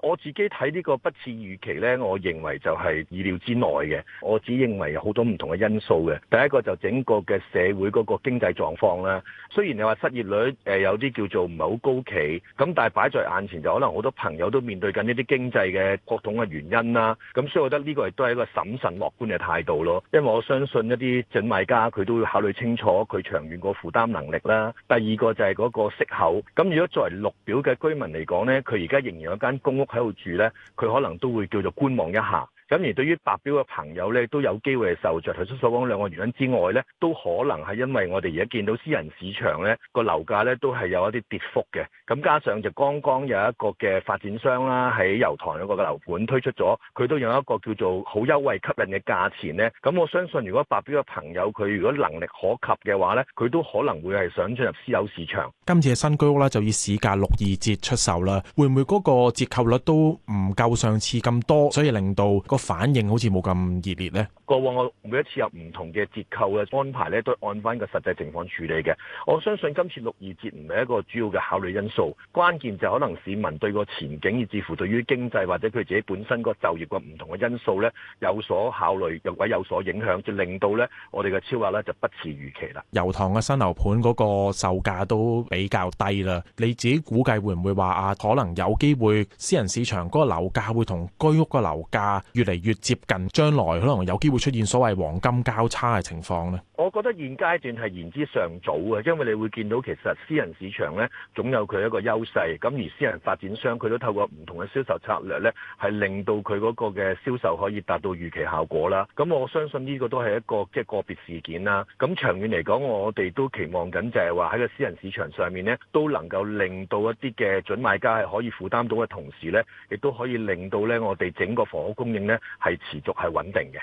我自己睇呢個不似預期呢，我認為就係意料之內嘅。我只認為有好多唔同嘅因素嘅。第一個就整個嘅社會嗰個經濟狀況啦，雖然你話失業率誒有啲叫做唔係好高企，咁但係擺在眼前就可能好多朋友都面對緊一啲經濟嘅各種嘅原因啦。咁所以我覺得呢個亦都係一個審慎樂觀嘅態度咯。因為我相信一啲準買家佢都會考慮清楚佢長遠個負擔能力啦。第二個就係嗰個息口。咁如果作為綠表嘅居民嚟講呢，佢而家仍然有間公屋，喺度住咧，佢可能都會叫做觀望一下。咁而對於白表嘅朋友咧，都有機會係受着頭先所講兩個原因之外咧，都可能係因為我哋而家見到私人市場咧個樓價咧都係有一啲跌幅嘅。咁加上就剛剛有一個嘅發展商啦，喺油塘有個樓盤推出咗，佢都有一個叫做好優惠吸引嘅價錢咧。咁我相信如果白表嘅朋友佢如果能力可及嘅話咧，佢都可能會係想進入私有市場，今次嘅新居屋啦，就以市價六二折出售啦，會唔會嗰個折扣率都唔夠上次咁多，所以令到反應好似冇咁熱烈呢。過往我每一次有唔同嘅折扣嘅安排咧，都按翻個實際情況處理嘅。我相信今次六二節唔係一個主要嘅考慮因素，關鍵就可能市民對個前景，以至乎對於經濟或者佢自己本身個就業個唔同嘅因素咧有所考慮，又或有所影響，就令到咧我哋嘅超額咧就不似預期啦。油塘嘅新樓盤嗰個售價都比較低啦。你自己估計會唔會話啊？可能有機會私人市場嗰個樓價會同居屋嘅樓價越嚟越接近，將來可能有機會出現所謂黃金交叉嘅情況咧。我覺得現階段係言之尚早嘅，因為你會見到其實私人市場咧總有佢一個優勢，咁而私人發展商佢都透過唔同嘅銷售策略咧，係令到佢嗰個嘅銷售可以達到預期效果啦。咁我相信呢個都係一個即係、就是、個別事件啦。咁長遠嚟講我哋都期望緊就係話喺個私人市場上面咧，都能夠令到一啲嘅準買家係可以負擔到嘅同時咧，亦都可以令到咧我哋整個房屋供應咧。係持續，係穩定嘅。